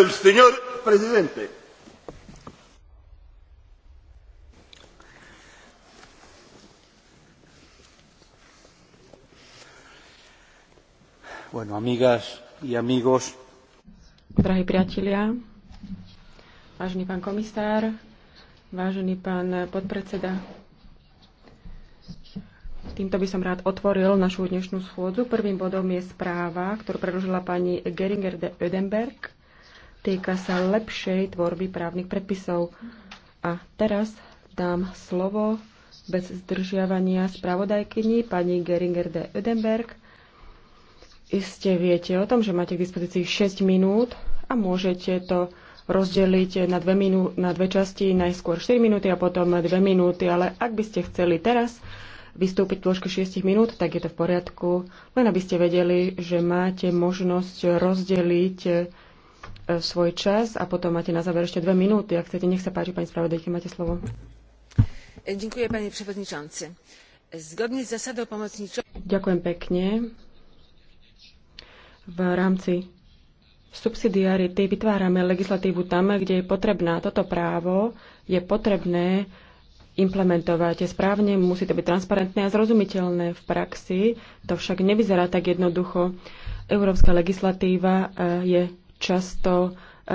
El señor presidente. Bueno, amigas y amigos. Drahí priatelia, vážený pán komisár, vážený pán podpredseda, týmto by som rád otvoril našu dnešnú schôdzu. Prvým bodom je správa, ktorú predložila pani Geringer de Ödenberg Týka sa lepšej tvorby právnych predpisov. A teraz dám slovo bez zdržiavania spravodajkyni pani Geringer de Ödenberg. Iste viete o tom, že máte k dispozícii 6 minút a môžete to rozdeliť na dve, minú- na dve časti, najskôr 4 minúty a potom 2 minúty, ale ak by ste chceli teraz vystúpiť v dĺžke 6 minút, tak je to v poriadku, len aby ste vedeli, že máte možnosť rozdeliť svoj čas a potom máte na záver ešte dve minúty. Ak chcete, nech sa páči, pani spravodajky, máte slovo. Ďakujem, pani przewodniczący. Zgodne s zásadou pomocníčov... Ďakujem pekne. V rámci subsidiarity vytvárame legislatívu tam, kde je potrebná. Toto právo je potrebné implementovať. Je správne, musí to byť transparentné a zrozumiteľné v praxi. To však nevyzerá tak jednoducho. Európska legislatíva eh, je často e,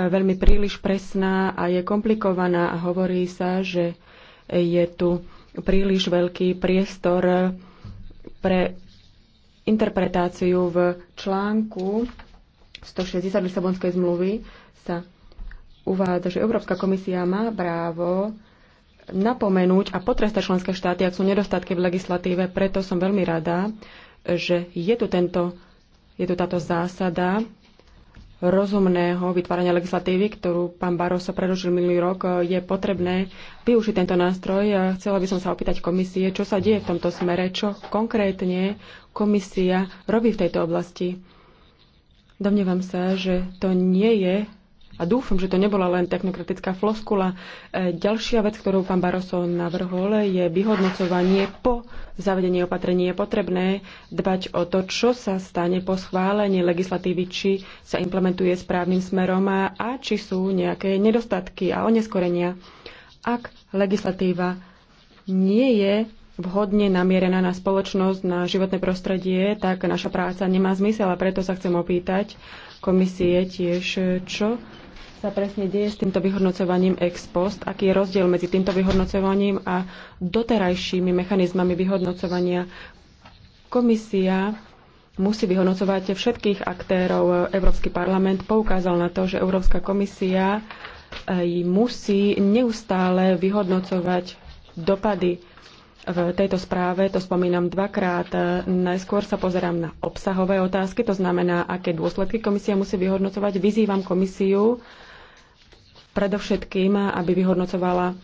veľmi príliš presná a je komplikovaná a hovorí sa, že je tu príliš veľký priestor pre interpretáciu v článku 160 Lisabonskej zmluvy sa uvádza, že Európska komisia má právo napomenúť a potrestať členské štáty, ak sú nedostatky v legislatíve. Preto som veľmi rada, že je tu, tento, je tu táto zásada rozumného vytvárania legislatívy, ktorú pán Barroso predložil minulý rok, je potrebné využiť tento nástroj. Chcela by som sa opýtať komisie, čo sa deje v tomto smere, čo konkrétne komisia robí v tejto oblasti. Domnievam sa, že to nie je a dúfam, že to nebola len technokratická floskula. E, ďalšia vec, ktorú pán Barroso navrhol, je vyhodnocovanie po zavedení opatrení. Je potrebné dbať o to, čo sa stane po schválení legislatívy, či sa implementuje správnym smerom a, a či sú nejaké nedostatky a oneskorenia. Ak legislatíva nie je vhodne namierená na spoločnosť, na životné prostredie, tak naša práca nemá zmysel a preto sa chcem opýtať komisie tiež, čo sa presne deje s týmto vyhodnocovaním ex post? Aký je rozdiel medzi týmto vyhodnocovaním a doterajšími mechanizmami vyhodnocovania? Komisia musí vyhodnocovať všetkých aktérov. Európsky parlament poukázal na to, že Európska komisia eh, musí neustále vyhodnocovať dopady v tejto správe. To spomínam dvakrát. Najskôr sa pozerám na obsahové otázky, to znamená, aké dôsledky komisia musí vyhodnocovať. Vyzývam komisiu, predovšetkým, aby vyhodnocovala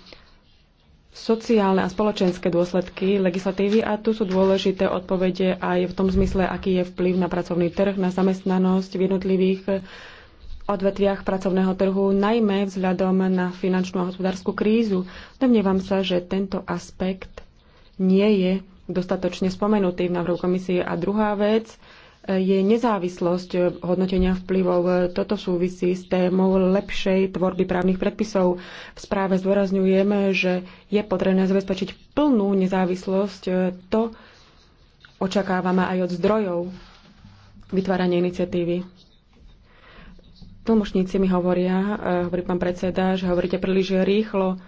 sociálne a spoločenské dôsledky legislatívy a tu sú dôležité odpovede aj v tom zmysle, aký je vplyv na pracovný trh, na zamestnanosť v jednotlivých odvetviach pracovného trhu, najmä vzhľadom na finančnú a hospodárskú krízu. Domnievam sa, že tento aspekt nie je dostatočne spomenutý v návrhu komisie. A druhá vec, je nezávislosť hodnotenia vplyvov. Toto súvisí s témou lepšej tvorby právnych predpisov. V správe zdôrazňujeme, že je potrebné zabezpečiť plnú nezávislosť. To očakávame aj od zdrojov vytvárania iniciatívy. Tlmočníci mi hovoria, eh, hovorí pán predseda, že hovoríte príliš rýchlo.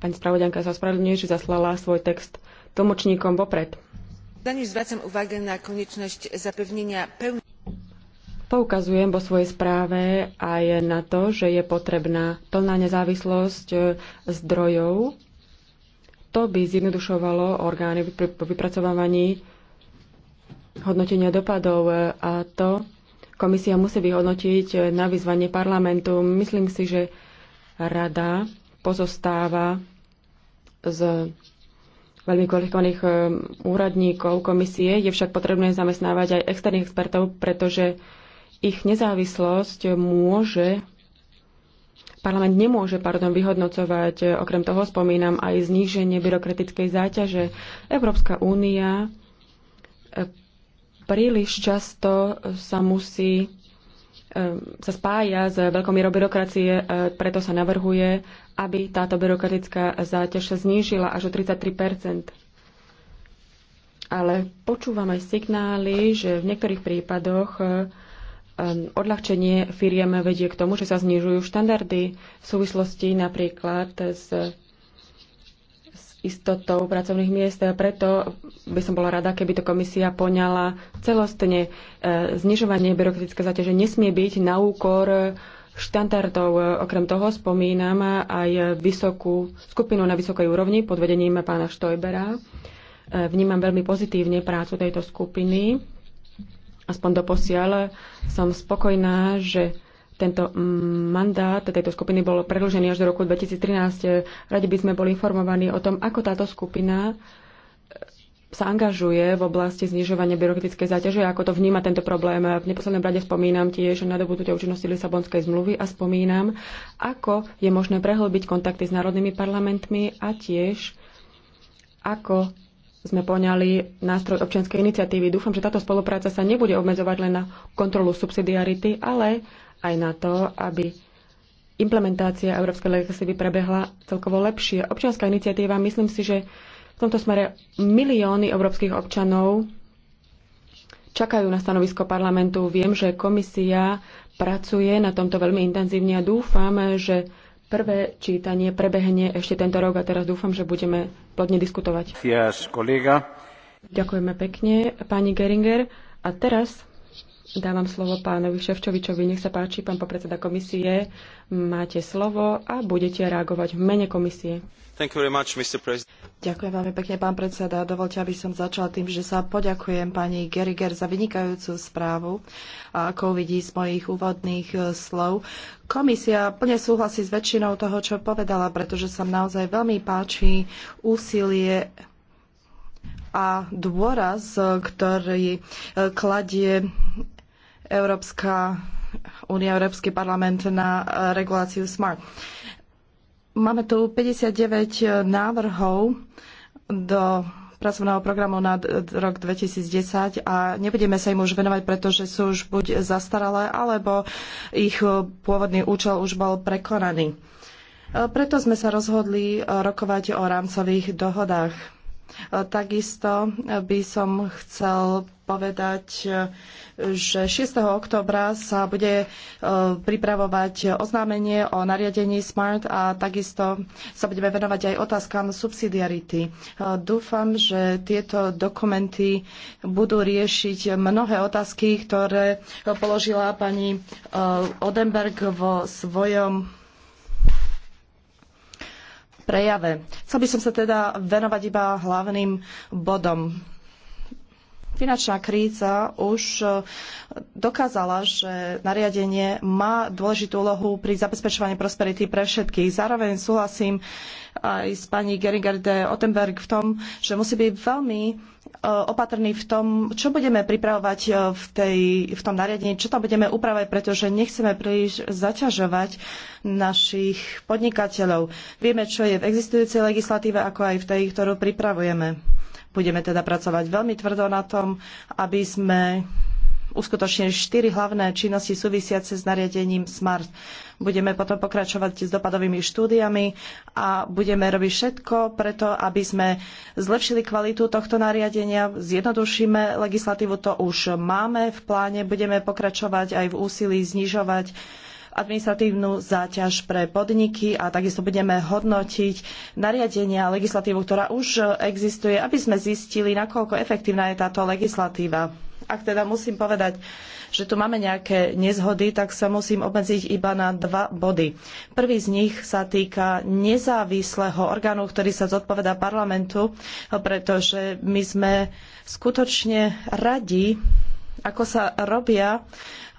Pani spravodajka sa ospravedlňuje, že zaslala svoj text tlmočníkom vopred zwracam uwagę na konieczność zapewnienia pełnej... Poukazujem vo svojej správe aj na to, že je potrebná plná nezávislosť e, zdrojov. To by zjednodušovalo orgány pri vypracovávaní hodnotenia dopadov e, a to komisia musí vyhodnotiť e, na vyzvanie parlamentu. Myslím si, že rada pozostáva z veľmi kvalifikovaných eh, úradníkov komisie. Je však potrebné zamestnávať aj externých expertov, pretože ich nezávislosť môže Parlament nemôže pardon, vyhodnocovať, okrem toho spomínam aj zníženie byrokratickej záťaže. Európska únia eh, príliš často sa musí sa spája s veľkou mierou byrokracie, e, preto sa navrhuje, aby táto byrokratická záťaž sa znížila až o 33 Ale počúvam aj signály, že v niektorých prípadoch e, odľahčenie firiem vedie k tomu, že sa znižujú štandardy v súvislosti napríklad s istotou pracovných miest. Preto by som bola rada, keby to komisia poňala celostne. E, znižovanie byrokratické zaťaže nesmie byť na úkor štandardov. Okrem toho spomínam aj vysokú skupinu na vysokej úrovni pod vedením pána Štojbera. E, vnímam veľmi pozitívne prácu tejto skupiny. Aspoň do posiaľ som spokojná, že tento mandát tejto skupiny bol predlžený až do roku 2013. Radi by sme boli informovaní o tom, ako táto skupina eh, sa angažuje v oblasti znižovania byrokratickej záťaže, ako to vníma tento problém. V neposlednom rade spomínam tiež na dobudnutie účinnosti Lisabonskej zmluvy a spomínam, ako je možné prehlbiť kontakty s národnými parlamentmi a tiež ako sme poňali nástroj občianskej iniciatívy. Dúfam, že táto spolupráca sa nebude obmedzovať len na kontrolu subsidiarity, ale aj na to, aby implementácia európskej legislatívy prebehla celkovo lepšie. Občianská iniciatíva, myslím si, že v tomto smere milióny európskych občanov čakajú na stanovisko parlamentu. Viem, že komisia pracuje na tomto veľmi intenzívne a dúfam, že prvé čítanie prebehne ešte tento rok a teraz dúfam, že budeme plodne diskutovať. Yes, Ďakujeme pekne, pani Geringer. A teraz Dávam slovo pánovi Ševčovičovi. Nech sa páči, pán popredseda komisie. Máte slovo a budete reagovať v mene komisie. Much, Ďakujem veľmi pekne, pán predseda. Dovolte, aby som začala tým, že sa poďakujem pani Geriger za vynikajúcu správu. A ako vidí z mojich úvodných e, slov, komisia plne súhlasí s väčšinou toho, čo povedala, pretože sa naozaj veľmi páči úsilie a dôraz, ktorý e, kladie Európska únia, Európsky parlament na e, reguláciu SMART. Máme tu 59 návrhov do pracovného programu na rok 2010 a nebudeme sa im už venovať, pretože sú už buď zastaralé, alebo ich pôvodný účel už bol prekonaný. E, preto sme sa rozhodli e, rokovať o rámcových dohodách. Takisto by som chcel povedať, že 6. oktobra sa bude e, pripravovať oznámenie o nariadení SMART a takisto sa budeme venovať aj otázkam subsidiarity. E, dúfam, že tieto dokumenty budú riešiť mnohé otázky, ktoré položila pani e, Odenberg vo svojom prejave. Chcel by som sa teda venovať iba hlavným bodom Finančná kríza už e, dokázala, že nariadenie má dôležitú úlohu pri zabezpečovaní prosperity pre všetkých. Zároveň súhlasím aj s pani Geringarde de Ottenberg v tom, že musí byť veľmi e, opatrný v tom, čo budeme pripravovať e, v, tej, v tom nariadení, čo tam budeme upravať, pretože nechceme príliš zaťažovať našich podnikateľov. Vieme, čo je v existujúcej legislatíve, ako aj v tej, ktorú pripravujeme. Budeme teda pracovať veľmi tvrdo na tom, aby sme uskutočnili štyri hlavné činnosti súvisiace s nariadením SMART. Budeme potom pokračovať s dopadovými štúdiami a budeme robiť všetko preto, aby sme zlepšili kvalitu tohto nariadenia, zjednodušíme legislatívu, to už máme v pláne, budeme pokračovať aj v úsilí znižovať administratívnu záťaž pre podniky a takisto budeme hodnotiť nariadenia a legislatívu, ktorá už existuje, aby sme zistili, nakoľko efektívna je táto legislatíva. Ak teda musím povedať, že tu máme nejaké nezhody, tak sa musím obmedziť iba na dva body. Prvý z nich sa týka nezávislého orgánu, ktorý sa zodpovedá parlamentu, pretože my sme skutočne radi, ako sa robia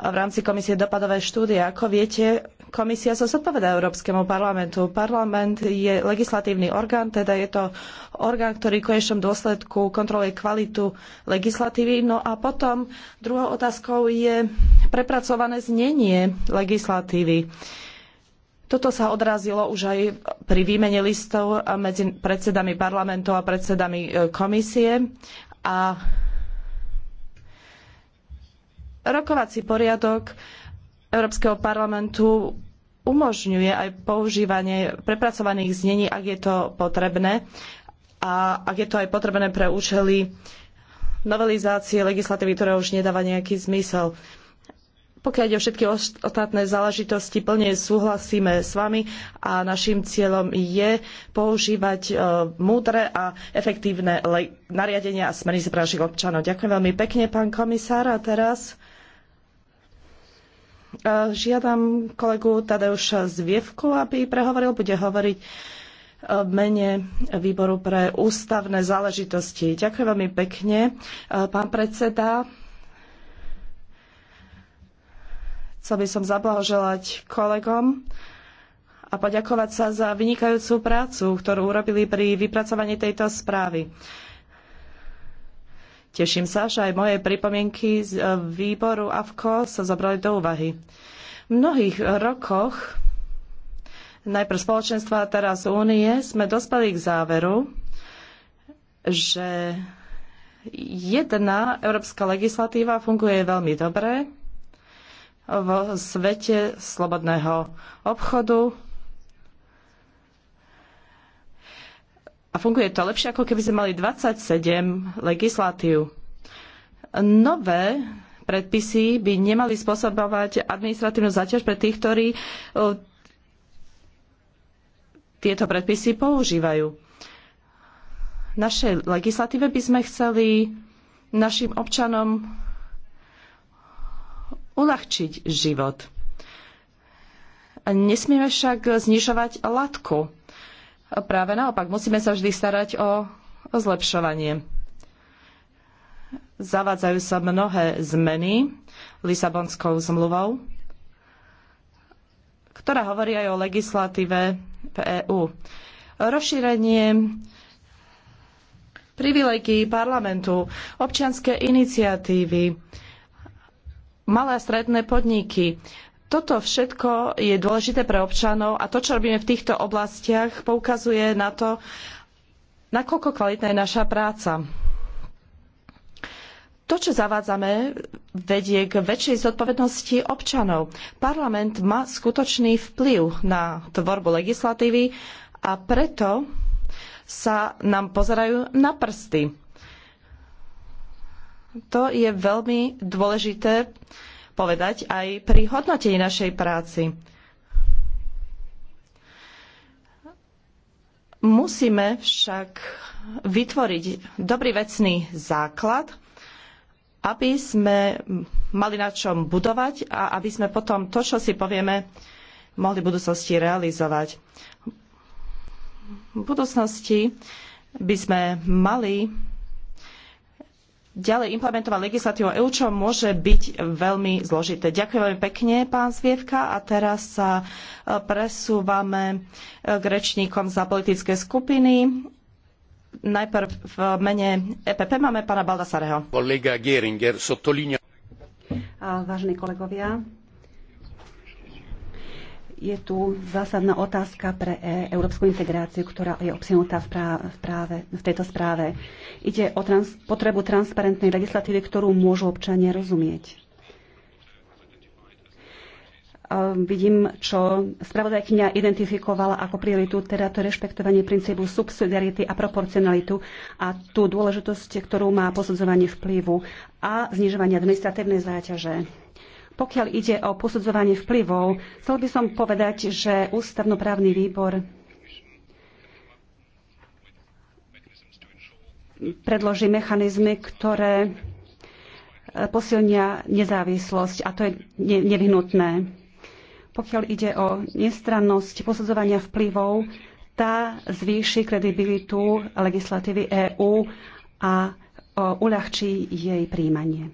v rámci komisie dopadové štúdie. Ako viete, komisia sa zodpovedá Európskemu parlamentu. Parlament je legislatívny orgán, teda je to orgán, ktorý v konečnom dôsledku kontroluje kvalitu legislatívy. No a potom druhou otázkou je prepracované znenie legislatívy. Toto sa odrazilo už aj pri výmene listov medzi predsedami parlamentov a predsedami e, komisie a Rokovací poriadok Európskeho parlamentu umožňuje aj používanie prepracovaných znení, ak je to potrebné a ak je to aj potrebné pre účely novelizácie legislatívy, ktorá už nedáva nejaký zmysel. Pokiaľ ide o všetky ostatné záležitosti, plne súhlasíme s vami a našim cieľom je používať e, múdre a efektívne nariadenia a smernice pre našich občanov. Ďakujem veľmi pekne, pán komisár. A teraz Žiadam kolegu Tadeuša Zvievku, aby prehovoril. Bude hovoriť e, v mene Výboru pre ústavné záležitosti. Ďakujem veľmi pekne, e, pán predseda. Chcel by som zablahoželať kolegom a poďakovať sa za vynikajúcu prácu, ktorú urobili pri vypracovaní tejto správy. Teším sa, že aj moje pripomienky z e, výboru AVKO sa zobrali do úvahy. V mnohých rokoch, najprv spoločenstva a teraz únie, sme dospeli k záveru, že jedna európska legislatíva funguje veľmi dobre vo svete slobodného obchodu, funguje to lepšie, ako keby sme mali 27 legislatív. Nové predpisy by nemali spôsobovať administratívnu záťaž pre tých, ktorí e, tieto predpisy používajú. V našej legislatíve by sme chceli našim občanom uľahčiť život. Nesmieme však znižovať latku Práve naopak, musíme sa vždy starať o zlepšovanie. Zavádzajú sa mnohé zmeny Lisabonskou zmluvou, ktorá hovorí aj o legislatíve v EÚ. Rozšírenie privilegií parlamentu, občianske iniciatívy, malé a stredné podniky, toto všetko je dôležité pre občanov a to, čo robíme v týchto oblastiach, poukazuje na to, nakoľko kvalitná je naša práca. To, čo zavádzame, vedie k väčšej zodpovednosti občanov. Parlament má skutočný vplyv na tvorbu legislatívy a preto sa nám pozerajú na prsty. To je veľmi dôležité povedať aj pri hodnotení našej práci. Musíme však vytvoriť dobrý vecný základ, aby sme mali na čom budovať a aby sme potom to, čo si povieme, mohli v budúcnosti realizovať. V budúcnosti by sme mali ďalej implementovať legislatívu EÚ, čo môže byť veľmi zložité. Ďakujem veľmi pekne, pán Zvievka. A teraz sa e, presúvame e, k rečníkom za politické skupiny. Najprv v mene EPP máme pána Baldasareho. Kolega Geringer, sottolinea... Vážení kolegovia, je tu zásadná otázka pre e, európsku integráciu, ktorá je obsiahnutá v, práve, v, práve, v tejto správe. Ide o trans, potrebu transparentnej legislatívy, ktorú môžu občania rozumieť. Vidím, čo spravodajkynia identifikovala ako prioritu, teda to rešpektovanie princípu subsidiarity a proporcionalitu a tú dôležitosť, ktorú má posudzovanie vplyvu a znižovanie administratívnej záťaže pokiaľ ide o posudzovanie vplyvov, chcel by som povedať, že ústavnoprávny výbor predloží mechanizmy, ktoré e, posilnia nezávislosť a to je nevyhnutné. Pokiaľ ide o nestrannosť posudzovania vplyvov, tá zvýši kredibilitu legislatívy EÚ a e, uľahčí jej príjmanie.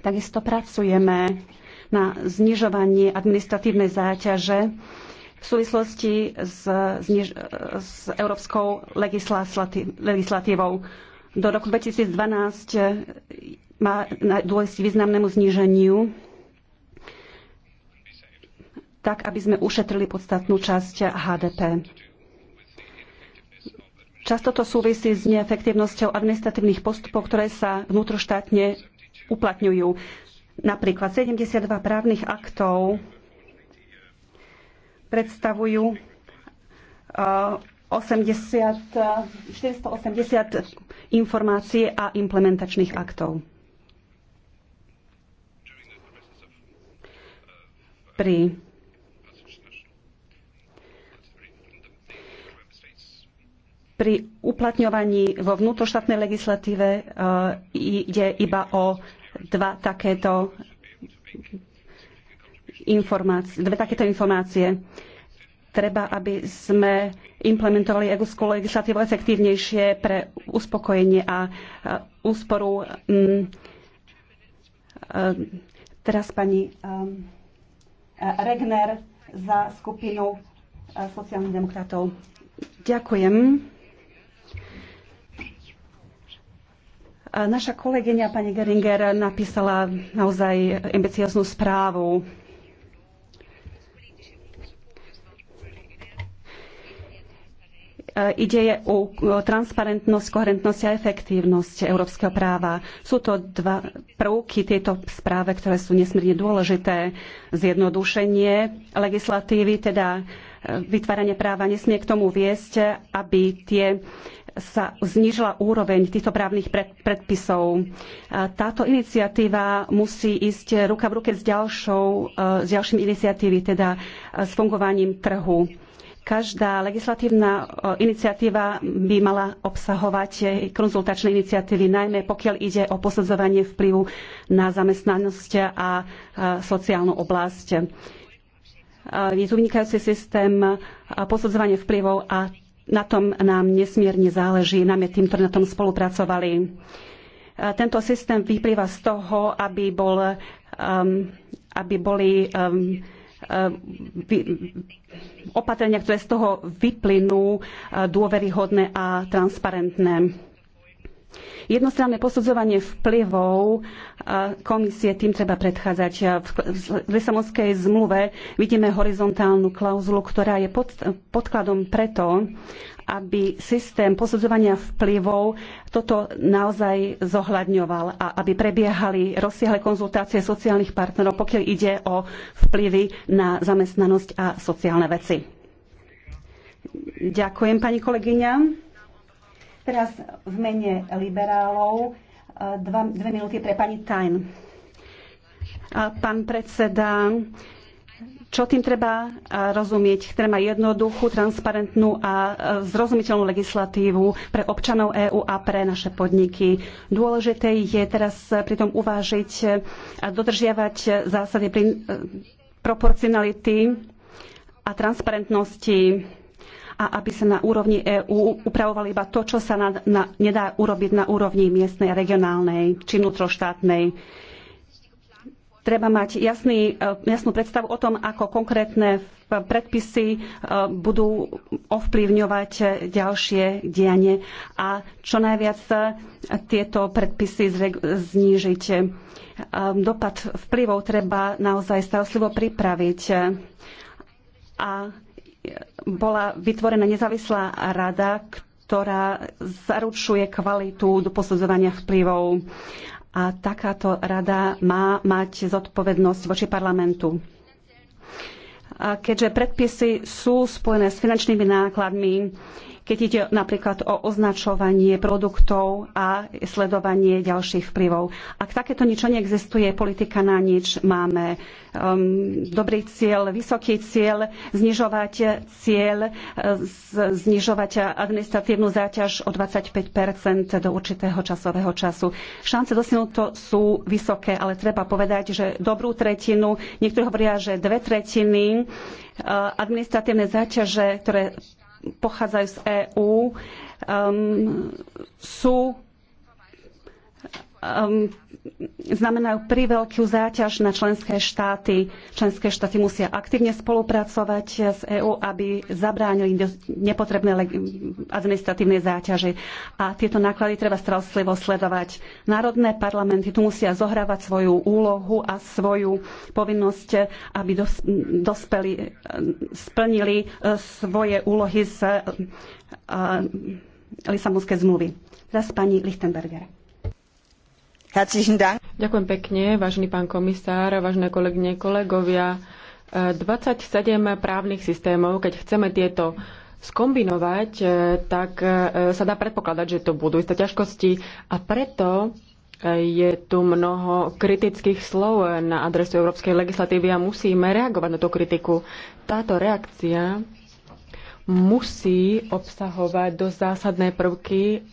Takisto pracujeme na znižovanie administratívnej záťaže v súvislosti s, zniž, s európskou legislatívou. Do roku 2012 má na dôjsť významnému zníženiu, tak aby sme ušetrili podstatnú časť HDP. Často to súvisí s neefektívnosťou administratívnych postupov, ktoré sa vnútroštátne uplatňujú. Napríklad 72 právnych aktov predstavujú 80, eh, 480 eh, informácií a implementačných aktov. Pri pri uplatňovaní vo vnútroštátnej legislatíve eh, ide iba o dva takéto informácie, dve takéto informácie. Treba, aby sme implementovali egusku legislatívu efektívnejšie pre uspokojenie a úsporu. Mm, e, teraz pani e, e, Regner za skupinu sociálnych demokratov. Ďakujem. Naša kolegyňa pani Geringer napísala naozaj ambicioznú správu. E, ide o transparentnosť, koherentnosť a efektívnosť európskeho práva. Sú to dva prvky tieto správe, ktoré sú nesmierne dôležité. Zjednodušenie legislatívy, teda vytváranie práva nesmie k tomu viesť, aby tie sa znížila úroveň týchto právnych predpisov. Táto iniciatíva musí ísť ruka v ruke s, ďalšou, e, s ďalším iniciatívy, teda e, s fungovaním trhu. Každá legislatívna e, iniciatíva by mala obsahovať konzultačné iniciatívy, najmä pokiaľ ide o posudzovanie vplyvu na zamestnanosť a sociálnu oblasť je tu vynikajúci systém posudzovania vplyvov a na tom nám nesmierne záleží, nám je tým, ktorí na tom spolupracovali. Tento systém vyplýva z toho, aby, bol, um, aby boli um, um opatrenia, ktoré z toho vyplynú, dôveryhodné a transparentné. Jednostranné posudzovanie vplyvov e, komisie, tým treba predchádzať. E, v Lisabonskej zmluve vidíme horizontálnu klauzulu, ktorá je pod, podkladom preto, aby systém posudzovania vplyvov toto naozaj zohľadňoval a aby prebiehali rozsiahle konzultácie sociálnych partnerov, pokiaľ ide o vplyvy na zamestnanosť a sociálne veci. Ďakujem, pani kolegyňa. Teraz v mene liberálov e, dva, dve minúty pre pani Tajn. Pán predseda, čo tým treba e, rozumieť? Treba jednoduchú, transparentnú a e, zrozumiteľnú legislatívu pre občanov EÚ a pre naše podniky. Dôležité je teraz pritom uvážiť a dodržiavať zásady proporcionality a transparentnosti a aby sa na úrovni EÚ upravovali iba to, čo sa na, na, nedá urobiť na úrovni miestnej, regionálnej či vnútroštátnej. Treba mať jasný, eh, jasnú predstavu o tom, ako konkrétne predpisy eh, budú ovplyvňovať ďalšie dianie a čo najviac eh, tieto predpisy znížiť. Dopad vplyvov treba naozaj starostlivo pripraviť a bola vytvorená nezávislá rada, ktorá zaručuje kvalitu do posudzovania vplyvov. A takáto rada má mať zodpovednosť voči parlamentu. A keďže predpisy sú spojené s finančnými nákladmi, keď ide napríklad o označovanie produktov a sledovanie ďalších vplyvov. Ak takéto niečo neexistuje, politika na nič, máme um, dobrý cieľ, vysoký cieľ, znižovať cieľ, e, znižovať administratívnu záťaž o 25 do určitého časového času. Šance dosiahnuť to sú vysoké, ale treba povedať, že dobrú tretinu, niektorí hovoria, že dve tretiny e, administratívne záťaže, ktoré pochádzajú z EÚ, um, sú um, znamenajú priveľkú záťaž na členské štáty. Členské štáty musia aktívne spolupracovať s EÚ, aby zabránili nepotrebné administratívne záťaže. A tieto náklady treba starostlivo sledovať. Národné parlamenty tu musia zohrávať svoju úlohu a svoju povinnosť, aby dos- dospeli, splnili e, svoje úlohy z e, e, Lisabonskej zmluvy. Teraz pani Lichtenberger. Ďakujem pekne, vážený pán komisár, vážené kolegyne, kolegovia. 27 právnych systémov, keď chceme tieto skombinovať, eh, tak eh, sa dá predpokladať, že to budú isté ťažkosti a preto eh, je tu mnoho kritických slov na adresu európskej legislatívy a musíme reagovať na tú kritiku. Táto reakcia musí obsahovať dosť zásadné prvky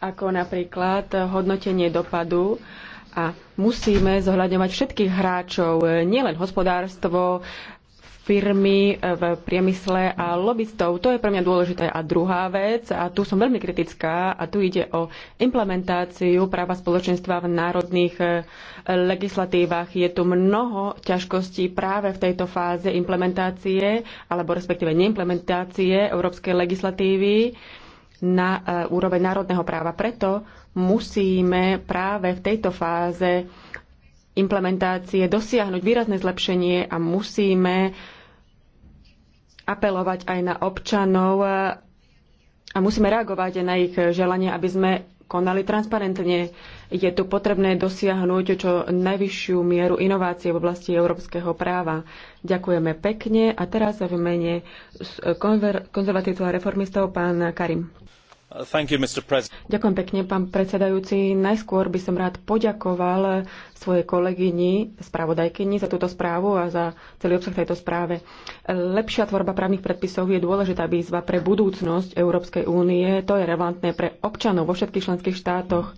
ako napríklad hodnotenie dopadu a musíme zohľadňovať všetkých hráčov, nielen hospodárstvo, firmy v priemysle a lobbystov. To je pre mňa dôležité. A druhá vec, a tu som veľmi kritická, a tu ide o implementáciu práva spoločenstva v národných eh, legislatívach. Je tu mnoho ťažkostí práve v tejto fáze implementácie, alebo respektíve neimplementácie európskej legislatívy na e, úroveň národného práva. Preto musíme práve v tejto fáze implementácie dosiahnuť výrazné zlepšenie a musíme apelovať aj na občanov e, a musíme reagovať aj na ich želanie, aby sme konali transparentne. Je tu potrebné dosiahnuť čo najvyššiu mieru inovácie v oblasti európskeho práva. Ďakujeme pekne a teraz v mene konzer- konzervatívcov a reformistov pán Karim. Ďakujem pekne, pán predsedajúci. Najskôr by som rád poďakoval svojej kolegyni, spravodajkyni za túto správu a za celý obsah tejto správe. Lepšia tvorba právnych predpisov je dôležitá výzva pre budúcnosť Európskej únie. To je relevantné pre občanov vo všetkých členských štátoch.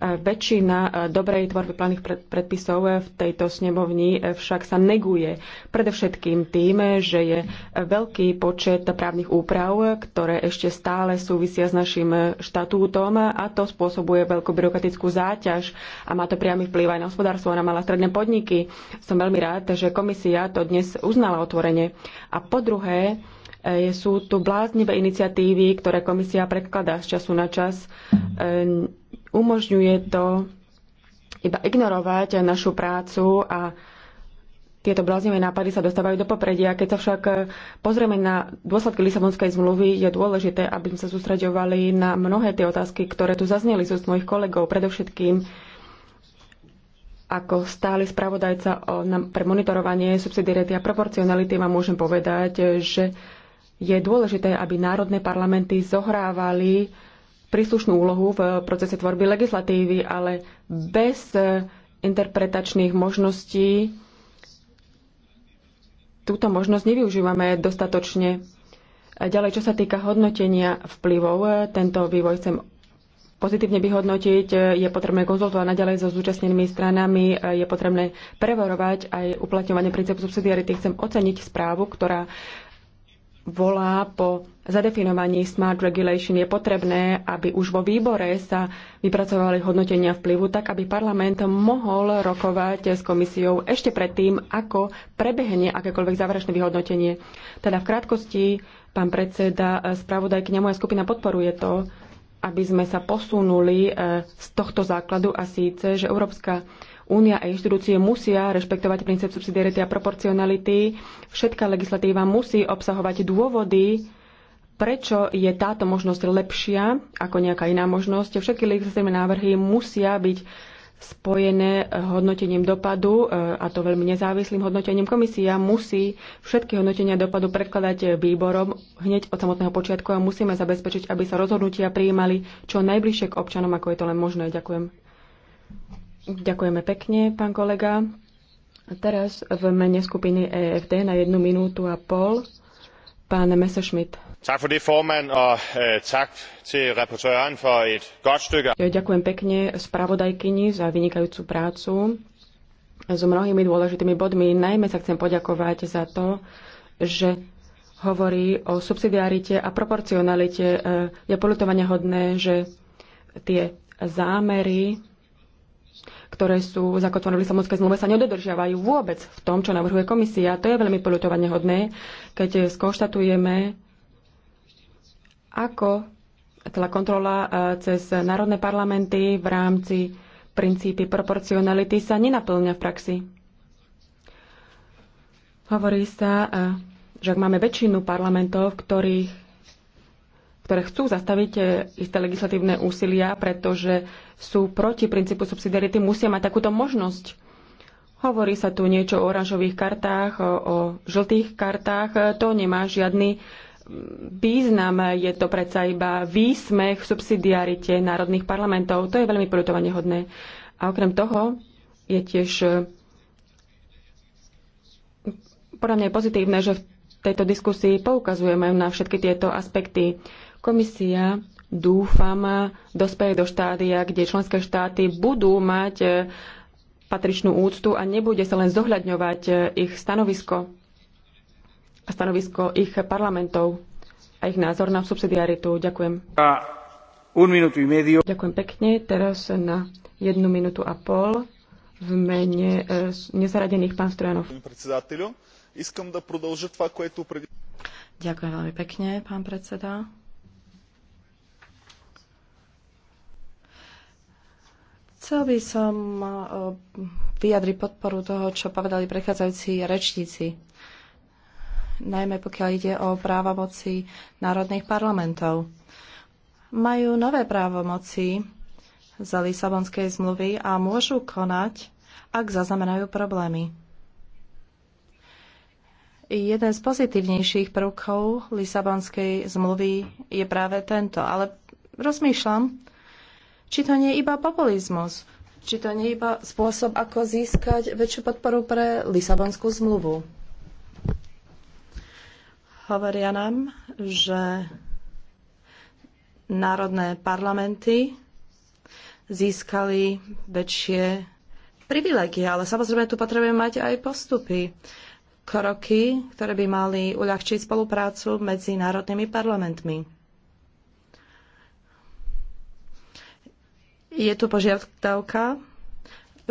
Väčšina e, dobrej tvorby plných predpisov v tejto snemovni e, však sa neguje predovšetkým tým, že je veľký počet právnych úprav, ktoré ešte stále súvisia s našim štatútom a to spôsobuje veľkú byrokratickú záťaž a má to priamy vplyv aj na hospodárstvo, na malé stredné podniky. Som veľmi rád, že komisia to dnes uznala otvorene. A po druhé, E, sú tu bláznivé iniciatívy, ktoré komisia predkladá z času na čas. E, umožňuje to iba ignorovať našu prácu a tieto bláznivé nápady sa dostávajú do popredia. Keď sa však pozrieme na dôsledky Lisabonskej zmluvy, je dôležité, aby sme sa sústraďovali na mnohé tie otázky, ktoré tu zazneli sú z mojich kolegov, predovšetkým ako stály spravodajca o, na, pre monitorovanie subsidiarity a proporcionality vám môžem povedať, že je dôležité, aby národné parlamenty zohrávali príslušnú úlohu v procese tvorby legislatívy, ale bez interpretačných možností túto možnosť nevyužívame dostatočne. Ďalej, čo sa týka hodnotenia vplyvov, tento vývoj chcem pozitívne vyhodnotiť, je potrebné konzultovať naďalej so zúčastnenými stranami, je potrebné preverovať aj uplatňovanie princípu subsidiarity. Chcem oceniť správu, ktorá volá po zadefinovaní smart regulation, je potrebné, aby už vo výbore sa vypracovali hodnotenia vplyvu, tak aby parlament mohol rokovať s komisiou ešte predtým, ako prebehne akékoľvek záverečné vyhodnotenie. Teda v krátkosti, pán predseda, spravodajkňa moja skupina podporuje to, aby sme sa posunuli eh, z tohto základu a síce, že Európska Únia a inštitúcie musia rešpektovať princíp subsidiarity a proporcionality. Všetká legislatíva musí obsahovať dôvody, prečo je táto možnosť lepšia ako nejaká iná možnosť. Všetky legislatívne návrhy musia byť spojené hodnotením dopadu, e, a to veľmi nezávislým hodnotením. Komisia musí všetky hodnotenia dopadu predkladať výborom hneď od samotného počiatku a musíme zabezpečiť, aby sa rozhodnutia prijímali čo najbližšie k občanom, ako je to len možné. Ďakujem. Ďakujeme pekne, pán kolega. A teraz v mene skupiny EFD na jednu minútu a pol pán Messerschmidt. Tak for det, formand, og uh, tak til rapportøren for et godt stykke. Ja, ďakujem pekne spravodajkyni za vynikajúcu prácu s mnohými dôležitými bodmi. Najmä sa chcem poďakovať za to, že hovorí o subsidiarite a proporcionalite. E, je polutovania hodné, že tie zámery ktoré sú zakotvené v Lisabonskej zmluve, sa nedodržiavajú vôbec v tom, čo navrhuje komisia. To je veľmi polutovane hodné, keď skonštatujeme, ako teda kontrola e, cez národné parlamenty v rámci princípy proporcionality sa nenaplňa v praxi. Hovorí sa, e, že ak máme väčšinu parlamentov, v ktorých ktoré chcú zastaviť e, isté legislatívne úsilia, pretože sú proti princípu subsidiarity, musia mať takúto možnosť. Hovorí sa tu niečo o oranžových kartách, o, o žltých kartách. To nemá žiadny význam. Je to predsa iba výsmech subsidiarite národných parlamentov. To je veľmi poľutovanie hodné. A okrem toho je tiež e, podľa mňa je pozitívne, že v tejto diskusii poukazujeme na všetky tieto aspekty. Komisia dúfam dospeje do štádia, kde členské štáty budú mať e, patričnú úctu a nebude sa len zohľadňovať e, ich stanovisko a stanovisko ich parlamentov a ich názor na subsidiaritu. Ďakujem. Ďakujem pekne. Teraz na jednu minútu a pol v mene e, nezaradených pán Strojanov. Ďakujem veľmi pekne, pán predseda. Chcel by som e, vyjadriť podporu toho, čo povedali prechádzajúci rečníci, najmä pokiaľ ide o právomoci národných parlamentov. Majú nové právomoci za Lisabonskej zmluvy a môžu konať, ak zaznamenajú problémy. Jeden z pozitívnejších prvkov Lisabonskej zmluvy je práve tento, ale rozmýšľam, či to nie je iba populizmus? Či to nie je iba spôsob, ako získať väčšiu podporu pre Lisabonskú zmluvu? Hovoria nám, že národné parlamenty získali väčšie privilegie, ale samozrejme tu potrebujeme mať aj postupy, kroky, ktoré by mali uľahčiť spoluprácu medzi národnými parlamentmi. je tu požiadavka,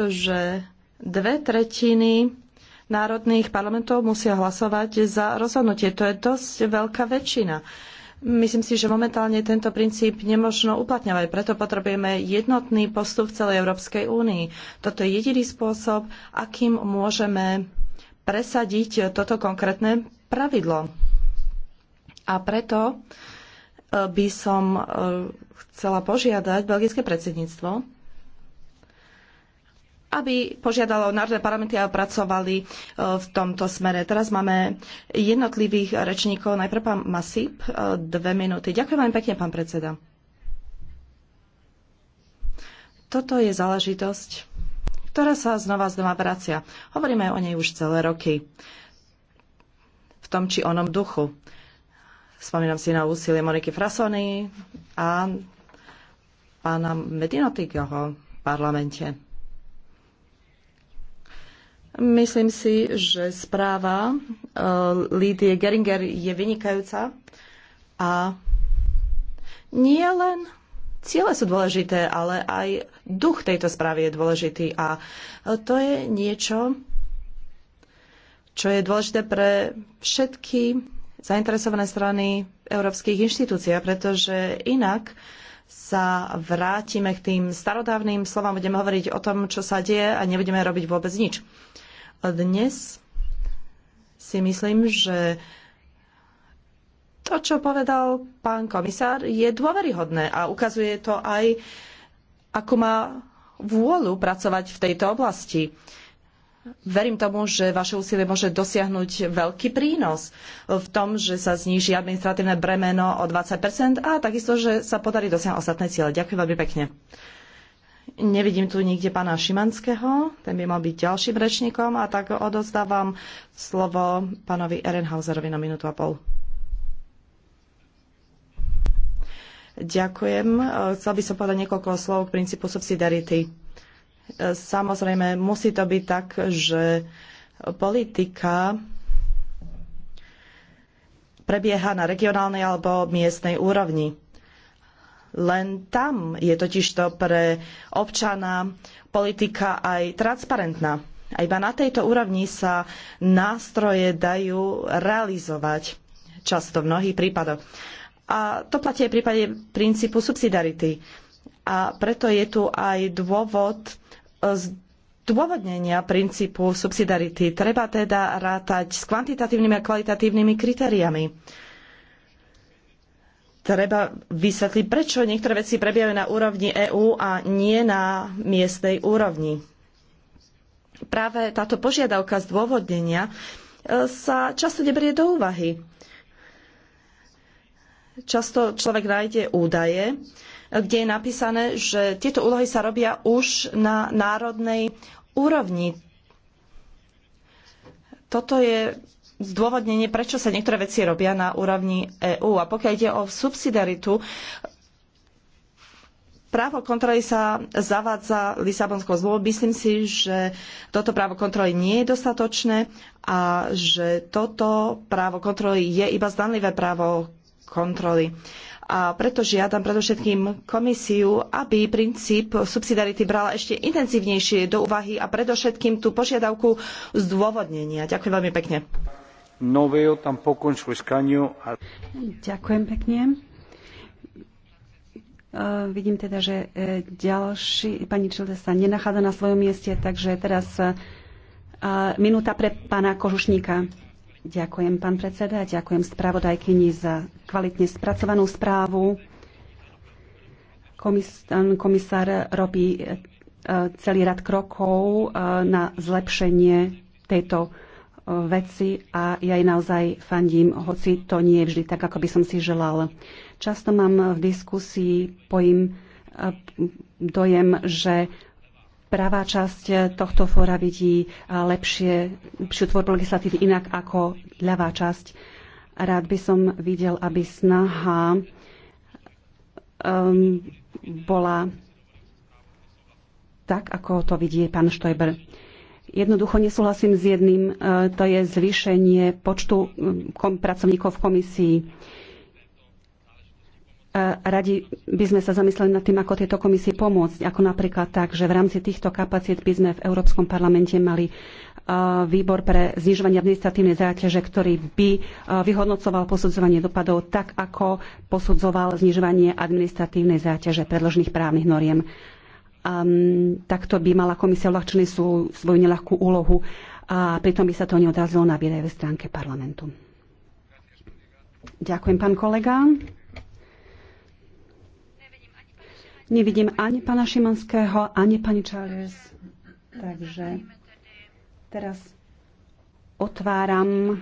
že dve tretiny národných parlamentov musia hlasovať za rozhodnutie. To je dosť veľká väčšina. Myslím si, že momentálne tento princíp nemožno uplatňovať, preto potrebujeme jednotný postup v celej Európskej únii. Toto je jediný spôsob, akým môžeme presadiť toto konkrétne pravidlo. A preto by som e, chcela požiadať belgické predsedníctvo, aby požiadalo národné parlamenty a pracovali e, v tomto smere. Teraz máme jednotlivých rečníkov. Najprv pán Masip, e, dve minúty. Ďakujem vám pekne, pán predseda. Toto je záležitosť, ktorá sa znova znova vracia. Hovoríme o nej už celé roky. V tom či onom duchu. Spomínam si na úsilie Moniky Frasony a pána Medinotyho v parlamente. Myslím si, že správa e, Lídie Geringer je vynikajúca a nie len ciele sú dôležité, ale aj duch tejto správy je dôležitý a e, to je niečo, čo je dôležité pre všetky zainteresované strany európskych inštitúcií, pretože inak sa vrátime k tým starodávnym slovám, budeme hovoriť o tom, čo sa deje a nebudeme robiť vôbec nič. Dnes si myslím, že to, čo povedal pán komisár, je dôveryhodné a ukazuje to aj, ako má vôľu pracovať v tejto oblasti. Verím tomu, že vaše úsilie môže dosiahnuť veľký prínos v tom, že sa zníži administratívne bremeno o 20 a takisto, že sa podarí dosiahnuť ostatné ciele. Ďakujem veľmi pekne. Nevidím tu nikde pána Šimanského, ten by mal byť ďalším rečníkom a tak odozdávam slovo pánovi Ehrenhauserovi na minútu a pol. Ďakujem. Chcel by som povedať niekoľko slov k princípu subsidiarity Samozrejme, musí to byť tak, že politika prebieha na regionálnej alebo miestnej úrovni. Len tam je totižto pre občana politika aj transparentná. A iba na tejto úrovni sa nástroje dajú realizovať často v mnohých prípadoch. A to platí aj v prípade princípu subsidiarity. A preto je tu aj dôvod dôvodnenia princípu subsidiarity. Treba teda rátať s kvantitatívnymi a kvalitatívnymi kritériami. Treba vysvetliť, prečo niektoré veci prebiehajú na úrovni EÚ a nie na miestnej úrovni. Práve táto požiadavka zdôvodnenia e, sa často neberie do úvahy často človek nájde údaje, kde je napísané, že tieto úlohy sa robia už na národnej úrovni. Toto je zdôvodnenie, prečo sa niektoré veci robia na úrovni EÚ. A pokiaľ ide o subsidiaritu, Právo kontroly sa zavádza Lisabonskou zmluvou. Myslím si, že toto právo kontroly nie je dostatočné a že toto právo kontroly je iba zdanlivé právo kontroly. A preto žiadam predovšetkým komisiu, aby princíp subsidiarity brala ešte intenzívnejšie do úvahy a predovšetkým tú požiadavku zdôvodnenia. Ďakujem veľmi pekne. No Ďakujem pekne. Uh, vidím teda, že e, ďalší, pani Čilde sa nenachádza na svojom mieste, takže teraz uh, minúta pre pána Kožušníka. Ďakujem, pán predseda, a ďakujem spravodajkyni za kvalitne spracovanú správu. komisár robí e, celý rad krokov e, na zlepšenie tejto e, veci a ja jej naozaj fandím, hoci to nie je vždy tak, ako by som si želal. Často mám v diskusii pojím dojem, že pravá časť eh, tohto fóra vidí eh, lepšie, lepšiu tvorbu legislatívy inak ako ľavá časť. Rád by som videl, aby snaha um, bola tak, ako to vidie pán Štojber. Jednoducho nesúhlasím s jedným, eh, to je zvýšenie počtu hm, pracovníkov v komisii Radi by sme sa zamysleli nad tým, ako tieto komisie pomôcť, ako napríklad tak, že v rámci týchto kapacít by sme v Európskom parlamente mali výbor pre znižovanie administratívnej záťaže, ktorý by vyhodnocoval posudzovanie dopadov tak, ako posudzoval znižovanie administratívnej záťaže predložených právnych noriem. Um, takto by mala komisia uľahčený svoju, svoju úlohu a pritom by sa to neodrazilo na výdajovej stránke parlamentu. Ďakujem, pán kolega. Nevidím ani pana Šimanského, ani pani Charles. Takže teraz otváram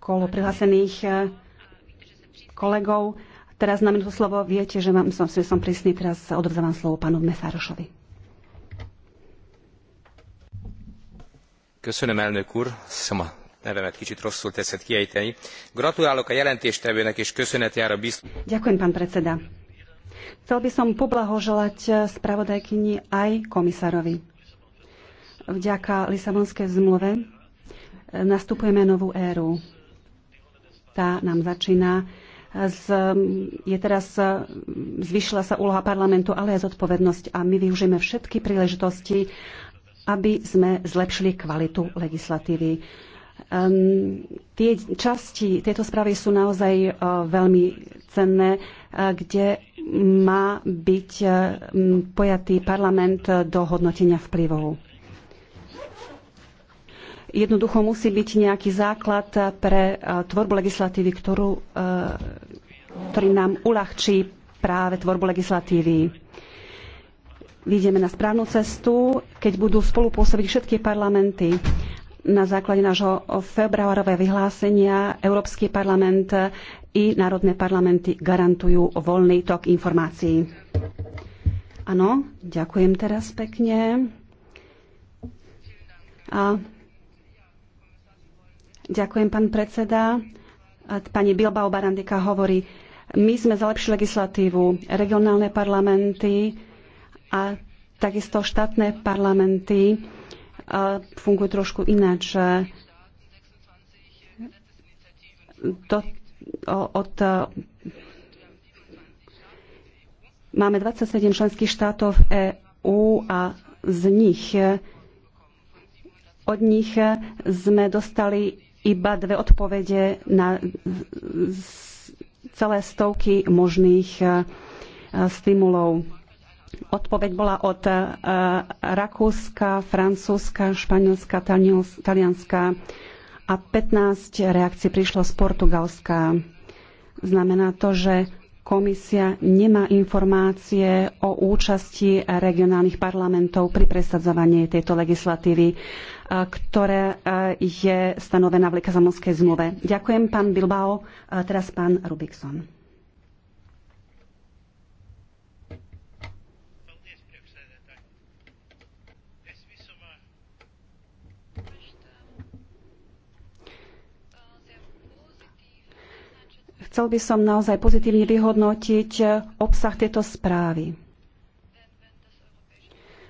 kolo prihlásených eh, kolegov. Teraz na minúto slovo viete, že mám, som, som prísny, teraz odovzávam slovo pánu Mesárošovi. Köszönöm, elnök úr. a nevemet kicsit rosszul teszed kiejteni. Gratulálok a jelentéstevőnek, és köszönet jár a biztos... Ďakujem, pán predseda. Chcel by som poblahoželať eh, spravodajkyni aj komisárovi. Vďaka Lisabonskej zmluve eh, nastupujeme novú éru. Tá nám začína. Z, eh, je teraz, zvyšila sa úloha parlamentu, ale aj zodpovednosť a my využijeme všetky príležitosti, aby sme zlepšili kvalitu legislatívy. Um, tie časti tejto správy sú naozaj uh, veľmi cenné kde má byť e, pojatý parlament do hodnotenia vplyvov. Jednoducho musí byť nejaký základ pre e, tvorbu legislatívy, ktorú, e, ktorý nám uľahčí práve tvorbu legislatívy. Vidíme na správnu cestu, keď budú spolupôsobiť všetky parlamenty na základe nášho februárového vyhlásenia Európsky parlament i národné parlamenty garantujú voľný tok informácií. Áno, ďakujem teraz pekne. A ďakujem, pán predseda. Pani Bilbao Barandika hovorí, my sme za lepšiu legislatívu, regionálne parlamenty a takisto štátne parlamenty fungujú trošku ináč. To, od e, Máme 27 členských štátov EÚ a z nich e, od nich e, sme dostali iba dve odpovede na celé stovky možných stimulov. Odpoveď bola od Rakúska, Francúzska, Španielska, Talianska a 15 reakcií prišlo z Portugalska. Znamená to, že komisia nemá informácie o účasti regionálnych parlamentov pri presadzovaní tejto legislatívy, e, ktorá e, je stanovená v Lekazamovskej zmluve. Ďakujem, pán Bilbao. E, teraz pán Rubikson. Chcel by som naozaj pozitívne vyhodnotiť eh, obsah tejto správy.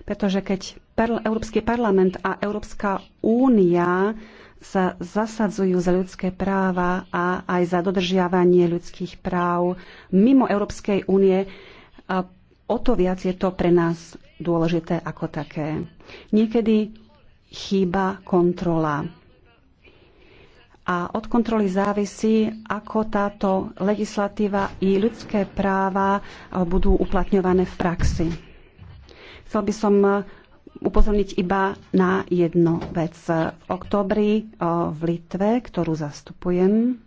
Pretože keď Európsky parlament a Európska únia sa zasadzujú za ľudské práva a aj za dodržiavanie ľudských práv mimo Európskej únie, eh, o to viac je to pre nás dôležité ako také. Niekedy chýba kontrola a od kontroly závisí, ako táto legislatíva i ľudské práva eh, budú uplatňované v praxi. Chcel by som eh, upozorniť iba na jednu vec. V októbri eh, v Litve, ktorú zastupujem,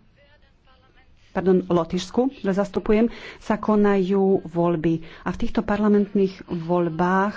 pardon, Lotyšsku, kde zastupujem, sa konajú voľby. A v týchto parlamentných voľbách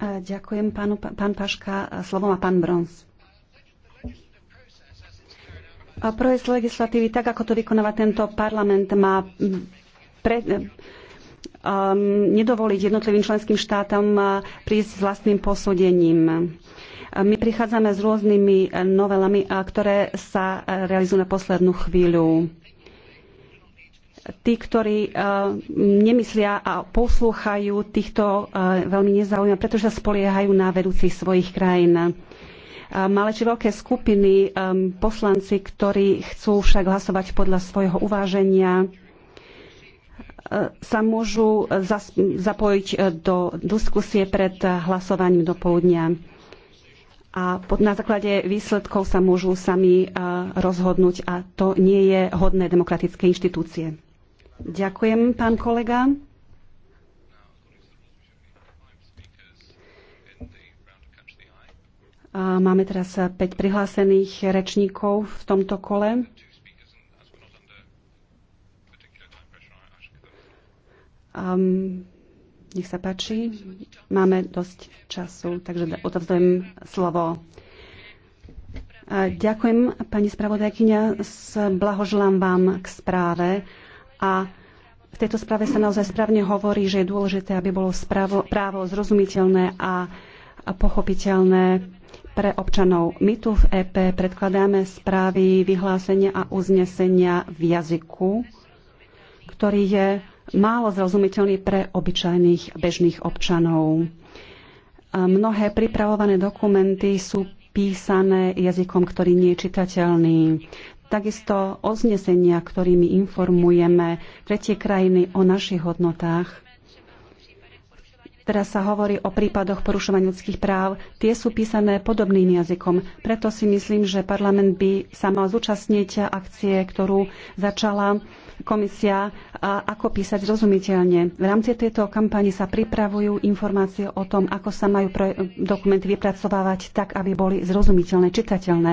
Ďakujem pánu, pán Paška. Slovo má pán Brons. A projekt legislatívy, tak ako to vykonáva tento parlament, má pre, um, nedovoliť jednotlivým členským štátom prísť s vlastným posúdením. My prichádzame s rôznymi novelami, ktoré sa realizujú na poslednú chvíľu tí, ktorí e, nemyslia a poslúchajú týchto e, veľmi nezaujíma, pretože sa spoliehajú na vedúcich svojich krajín. E, malé či veľké skupiny poslanci, ktorí chcú však hlasovať podľa svojho uváženia, sa môžu zapojiť do diskusie pred hlasovaním do poludnia a na základe výsledkov sa môžu sami rozhodnúť a to nie je hodné demokratické inštitúcie. Ďakujem, pán kolega. Máme teraz 5 prihlásených rečníkov v tomto kole. Um, nech sa páči, máme dosť času, takže odovzdajem slovo. Ďakujem, pani spravodajkyňa, blahoželám vám k správe. A v tejto správe sa naozaj správne hovorí, že je dôležité, aby bolo správo, právo zrozumiteľné a, a pochopiteľné pre občanov. My tu v EP predkladáme správy, vyhlásenia a uznesenia v jazyku, ktorý je málo zrozumiteľný pre obyčajných bežných občanov. A mnohé pripravované dokumenty sú písané jazykom, ktorý nie je čitateľný takisto oznesenia, ktorými informujeme tretie krajiny o našich hodnotách. Teraz sa hovorí o prípadoch porušovania ľudských práv. Tie sú písané podobným jazykom. Preto si myslím, že parlament by sa mal zúčastniť akcie, ktorú začala komisia a ako písať zrozumiteľne. V rámci tejto kampane sa pripravujú informácie o tom, ako sa majú dokumenty vypracovávať tak, aby boli zrozumiteľné, čitateľné.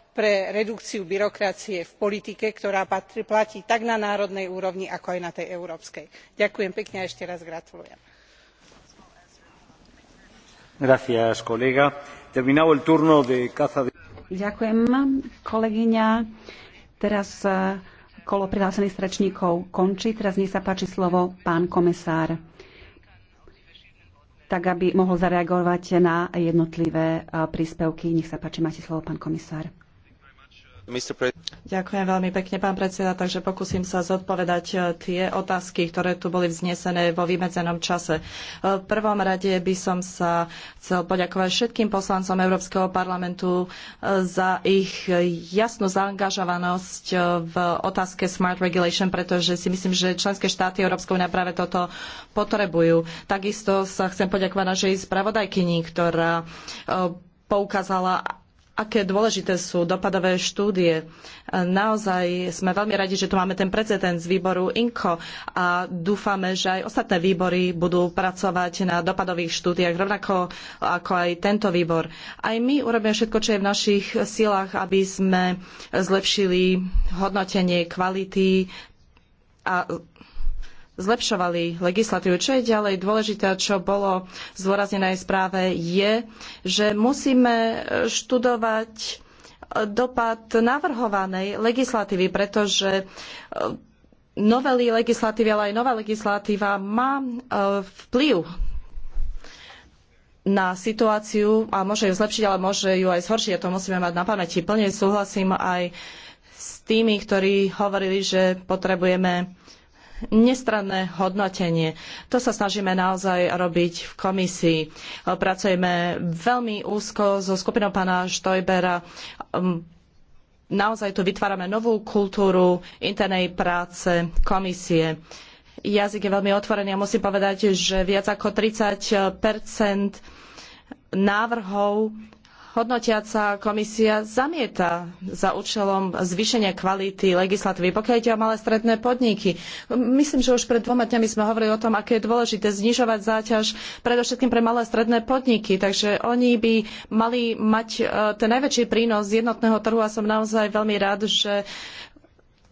pre redukciu byrokracie v politike ktorá platí tak na národnej úrovni ako aj na tej európskej. ďakujem pekne a ešte raz gratulujem. Ďakujem, Teraz eh, kolo prihlásených rečníkov končí. Teraz nech sa páči slovo pán komisár, tak aby mohol zareagovať na jednotlivé eh, príspevky. Nech sa páči, máte slovo, pán komisár. Ďakujem veľmi pekne, pán predseda, takže pokúsim sa zodpovedať e, tie otázky, ktoré tu boli vznesené vo vymedzenom čase. E, v prvom rade by som sa chcel poďakovať všetkým poslancom Európskeho parlamentu e, za ich jasnú zaangažovanosť v otázke Smart Regulation, pretože si myslím, že členské štáty Európskej únie práve toto potrebujú. Takisto sa chcem poďakovať našej spravodajkyni, ktorá poukázala aké dôležité sú dopadové štúdie. Naozaj sme veľmi radi, že tu máme ten precedens z výboru Inko a dúfame, že aj ostatné výbory budú pracovať na dopadových štúdiách rovnako ako aj tento výbor. Aj my urobíme všetko, čo je v našich silách, aby sme zlepšili hodnotenie kvality a zlepšovali legislatívu. Čo je ďalej dôležité, čo bolo zdôraznené aj správe, je, že musíme e, študovať e, dopad navrhovanej legislatívy, pretože e, novely legislatívy, ale aj nová legislatíva má vplyv na situáciu a môže ju zlepšiť, ale môže ju aj zhoršiť. A to musíme mať na pamäti. Plne súhlasím aj s tými, ktorí hovorili, že potrebujeme nestranné hodnotenie. To sa snažíme naozaj robiť v komisii. Pracujeme veľmi úzko so skupinou pána Štojbera. Ehm, naozaj tu vytvárame novú kultúru internej práce komisie. Jazyk je veľmi otvorený a musím povedať, že viac ako 30 návrhov hodnotiaca komisia zamieta za účelom zvýšenia kvality legislatívy, pokiaľ ide o malé stredné podniky. Myslím, že už pred dvoma dňami sme hovorili o tom, aké je dôležité znižovať záťaž predovšetkým pre malé stredné podniky. Takže oni by mali mať e, ten najväčší prínos z jednotného trhu a som naozaj veľmi rád, že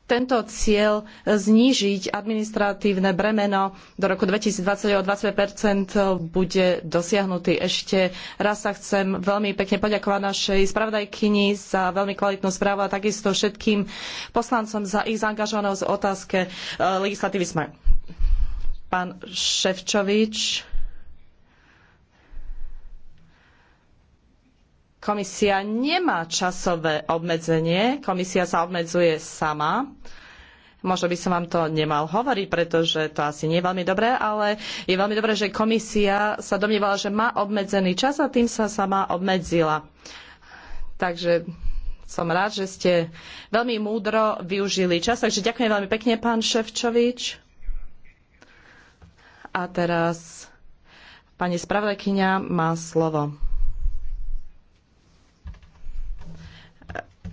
tento cieľ znížiť administratívne bremeno do roku 2020 o 20 bude dosiahnutý. Ešte raz sa chcem veľmi pekne poďakovať našej spravodajkyni za veľmi kvalitnú správu a takisto všetkým poslancom za ich zaangažovanosť v otázke eh, legislatívy SMART. Pán Ševčovič. Komisia nemá časové obmedzenie, komisia sa obmedzuje sama. Možno by som vám to nemal hovoriť, pretože to asi nie je veľmi dobré, ale je veľmi dobré, že komisia sa domnievala, že má obmedzený čas a tým sa sama obmedzila. Takže som rád, že ste veľmi múdro využili čas. Takže ďakujem veľmi pekne, pán Ševčovič. A teraz pani spravodajkyňa má slovo.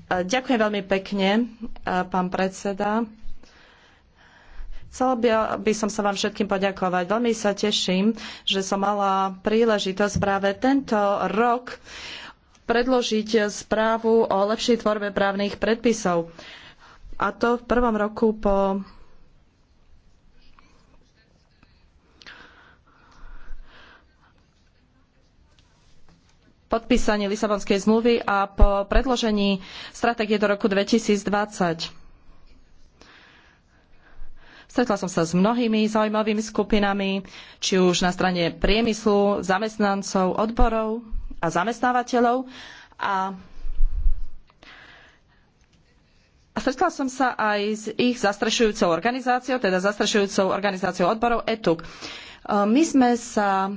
Ďakujem veľmi pekne, pán predseda. Chcela by, by som sa vám všetkým poďakovať. Veľmi sa teším, že som mala príležitosť práve tento rok predložiť správu o lepšej tvorbe právnych predpisov. A to v prvom roku po podpísaní Lisabonskej zmluvy a po predložení stratégie do roku 2020. Stretla som sa s mnohými zaujímavými skupinami, či už na strane priemyslu, zamestnancov, odborov a zamestnávateľov. A a stretla som sa aj s ich zastrešujúcou organizáciou, teda zastrešujúcou organizáciou odborov ETUK. E, my sme sa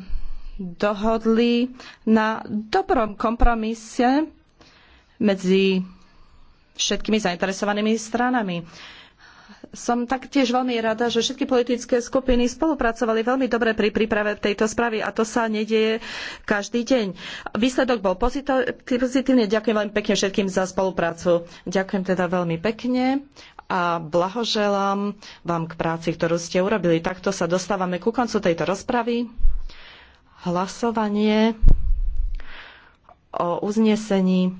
dohodli na dobrom kompromise medzi všetkými zainteresovanými stranami. Som taktiež veľmi rada, že všetky politické skupiny spolupracovali veľmi dobre pri príprave tejto správy a to sa nedieje každý deň. Výsledok bol pozitívny. Ďakujem veľmi pekne všetkým za spoluprácu. Ďakujem teda veľmi pekne a blahoželám vám k práci, ktorú ste urobili. Takto sa dostávame ku koncu tejto rozpravy hlasovanie o uznesení